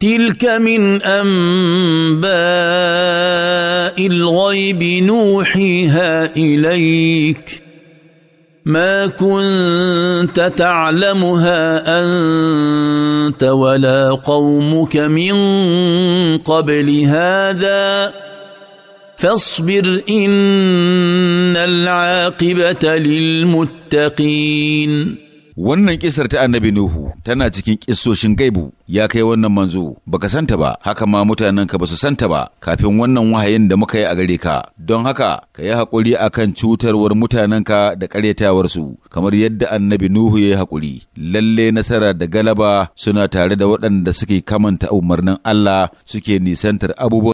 تلك من أنباء الغيب نوحيها إليك ما كنت تعلمها أنت ولا قومك من قبل هذا فاصبر إن العاقبة للمتقين Wannan kisar ta annabi Nuhu tana cikin kissoshin gaibu ya kai wannan manzo baka santa ba haka ma mutanen ka basu santa ba kafin wannan wahayin da muka yi a gare ka don haka ka yi haƙuri akan cutarwar mutanen ka da ƙaryatawar su kamar yadda annabi Nuhu ya yi hakuri lalle nasara da galaba suna tare da waɗanda suke kamanta umarnin Allah suke nisantar abubuwan